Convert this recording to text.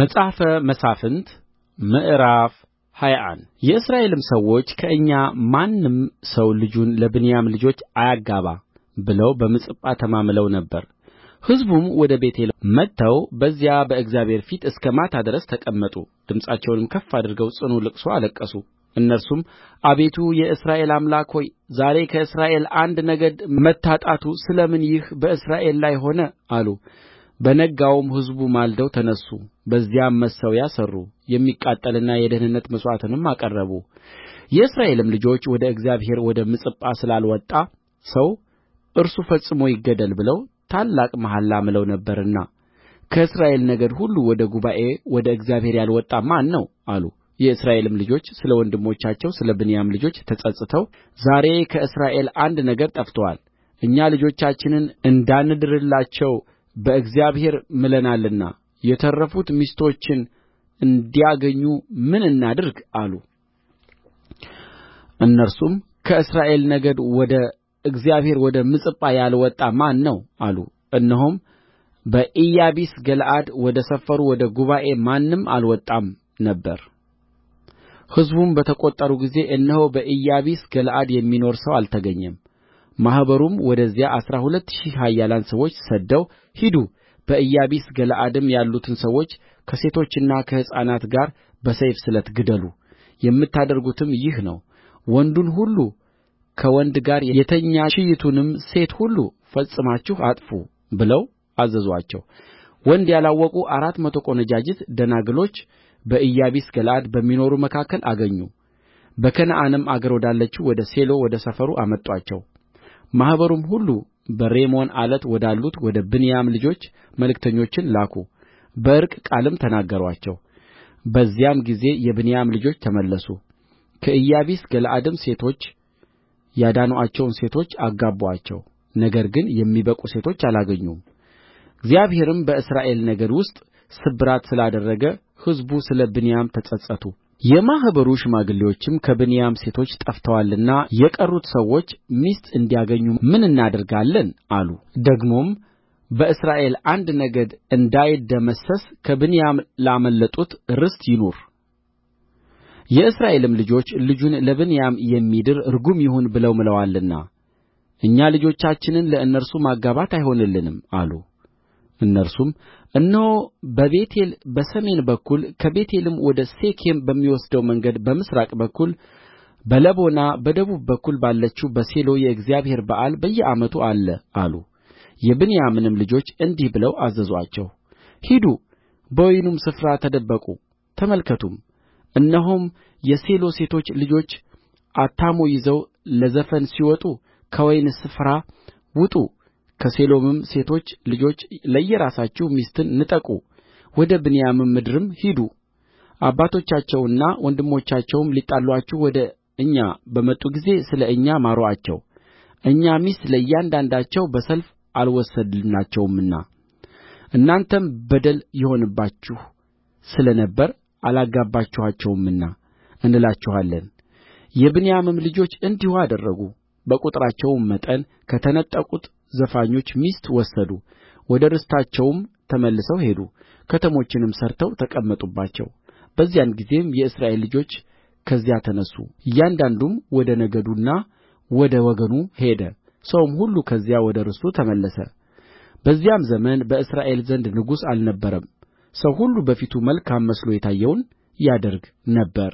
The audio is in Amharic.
መጽሐፈ መሣፍንት ምዕራፍ ሃያ አንድ የእስራኤልም ሰዎች ከእኛ ማንም ሰው ልጁን ለብንያም ልጆች አያጋባ ብለው በምጽጳ ተማምለው ነበር። ሕዝቡም ወደ ቤቴል መጥተው በዚያ በእግዚአብሔር ፊት እስከ ማታ ድረስ ተቀመጡ። ድምፃቸውንም ከፍ አድርገው ጽኑ ልቅሶ አለቀሱ። እነርሱም አቤቱ የእስራኤል አምላክ ሆይ ዛሬ ከእስራኤል አንድ ነገድ መታጣቱ ስለ ምን ይህ በእስራኤል ላይ ሆነ አሉ። በነጋውም ሕዝቡ ማልደው ተነሡ በዚያም መሠዊያ ሠሩ የሚቃጠልና የደኅንነት መሥዋዕትንም አቀረቡ የእስራኤልም ልጆች ወደ እግዚአብሔር ወደ ምጽጳ ስላልወጣ ሰው እርሱ ፈጽሞ ይገደል ብለው ታላቅ መሐላ ምለው ነበርና ከእስራኤል ነገድ ሁሉ ወደ ጉባኤ ወደ እግዚአብሔር ያልወጣ ማን ነው አሉ የእስራኤልም ልጆች ስለ ወንድሞቻቸው ስለ ብንያም ልጆች ተጸጽተው ዛሬ ከእስራኤል አንድ ነገድ ጠፍቶአል እኛ ልጆቻችንን እንዳንድርላቸው በእግዚአብሔር ምለናልና የተረፉት ሚስቶችን እንዲያገኙ ምን እናድርግ አሉ እነርሱም ከእስራኤል ነገድ ወደ እግዚአብሔር ወደ ምጽጳ ያልወጣ ማን ነው አሉ እነሆም በኢያቢስ ገለዓድ ወደ ሰፈሩ ወደ ጉባኤ ማንም አልወጣም ነበር ሕዝቡም በተቈጠሩ ጊዜ እነሆ በኢያቢስ ገለዓድ የሚኖር ሰው አልተገኘም ማኅበሩም ወደዚያ አሥራ ሁለት ሺህ ኃያላን ሰዎች ሰድደው ሂዱ በኢያቢስ ገለዓድም ያሉትን ሰዎች ከሴቶችና ከሕፃናት ጋር በሰይፍ ስለት ግደሉ የምታደርጉትም ይህ ነው ወንዱን ሁሉ ከወንድ ጋር የተኛችይቱንም ሴት ሁሉ ፈጽማችሁ አጥፉ ብለው አዘዙአቸው ወንድ ያላወቁ አራት መቶ ቈነጃጅት ደናግሎች በኢያቢስ ገለዓድ በሚኖሩ መካከል አገኙ በከነዓንም አገር ወዳለችው ወደ ሴሎ ወደ ሰፈሩ አመጡአቸው ማኅበሩም ሁሉ በሬሞን ዓለት ወዳሉት ወደ ብንያም ልጆች መልእክተኞችን ላኩ በዕርቅ ቃልም ተናገሩአቸው በዚያም ጊዜ የብንያም ልጆች ተመለሱ ከኢያቢስ ገለዓድም ሴቶች ያዳኑአቸውን ሴቶች አጋቡአቸው ነገር ግን የሚበቁ ሴቶች አላገኙም እግዚአብሔርም በእስራኤል ነገድ ውስጥ ስብራት ስላደረገ ሕዝቡ ስለ ብንያም ተጸጸቱ የማኅበሩ ሽማግሌዎችም ከብንያም ሴቶች ጠፍተዋልና የቀሩት ሰዎች ሚስት እንዲያገኙ ምን እናደርጋለን አሉ ደግሞም በእስራኤል አንድ ነገድ እንዳይደመሰስ ከብንያም ላመለጡት ርስት ይኑር የእስራኤልም ልጆች ልጁን ለብንያም የሚድር ርጉም ይሁን ብለው ምለዋልና እኛ ልጆቻችንን ለእነርሱ ማጋባት አይሆንልንም አሉ እነርሱም እነሆ በቤቴል በሰሜን በኩል ከቤቴልም ወደ ሴኬም በሚወስደው መንገድ በምሥራቅ በኩል በለቦና በደቡብ በኩል ባለችው በሴሎ የእግዚአብሔር በዓል በየዓመቱ አለ አሉ የብንያምንም ልጆች እንዲህ ብለው አዘዙአቸው ሂዱ በወይኑም ስፍራ ተደበቁ ተመልከቱም እነሆም የሴሎ ሴቶች ልጆች አታሞ ይዘው ለዘፈን ሲወጡ ከወይኑ ስፍራ ውጡ ከሴሎም ሴቶች ልጆች ለየራሳችሁ ሚስትን ንጠቁ ወደ ብንያምም ምድርም ሂዱ አባቶቻቸውና ወንድሞቻቸውም ሊጣሉአችሁ ወደ እኛ በመጡ ጊዜ ስለ እኛ ማሩአቸው እኛ ሚስት ለእያንዳንዳቸው በሰልፍ አልወሰድናቸውምና እናንተም በደል ይሆንባችሁ ስለ ነበር አላጋባችኋቸውምና እንላችኋለን። የብንያምም ልጆች እንዲሁ አደረጉ። በቍጥራቸውም መጠን ከተነጠቁት ዘፋኞች ሚስት ወሰዱ ወደ ርስታቸውም ተመልሰው ሄዱ ከተሞችንም ሠርተው ተቀመጡባቸው በዚያን ጊዜም የእስራኤል ልጆች ከዚያ ተነሡ እያንዳንዱም ወደ ነገዱና ወደ ወገኑ ሄደ ሰውም ሁሉ ከዚያ ወደ ርስቱ ተመለሰ በዚያም ዘመን በእስራኤል ዘንድ ንጉሥ አልነበረም ሰው ሁሉ በፊቱ መልካም መስሎ የታየውን ያደርግ ነበር